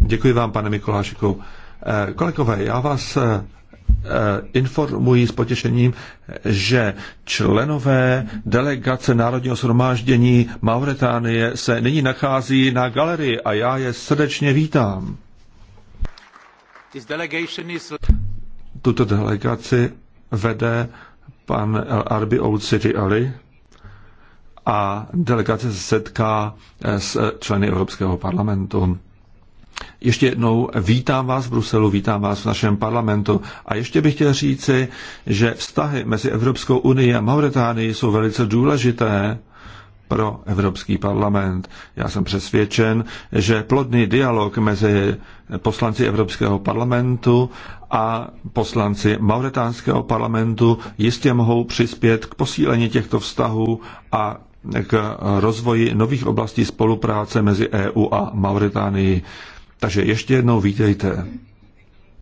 Děkuji vám, pane Mikulášiku. Eh, kolegové, já vás eh, eh, informuji s potěšením, že členové delegace Národního shromáždění Mauretánie se nyní nachází na galerii a já je srdečně vítám. Tuto delegaci vede pan El Arbi Old City Ali a delegace se setká s členy Evropského parlamentu. Ještě jednou vítám vás v Bruselu, vítám vás v našem parlamentu a ještě bych chtěl říci, že vztahy mezi Evropskou unii a Mauritánií jsou velice důležité pro Evropský parlament. Já jsem přesvědčen, že plodný dialog mezi poslanci Evropského parlamentu a poslanci Mauretánského parlamentu jistě mohou přispět k posílení těchto vztahů a k rozvoji nových oblastí spolupráce mezi EU a Mauritánií. Takže ještě jednou vítejte.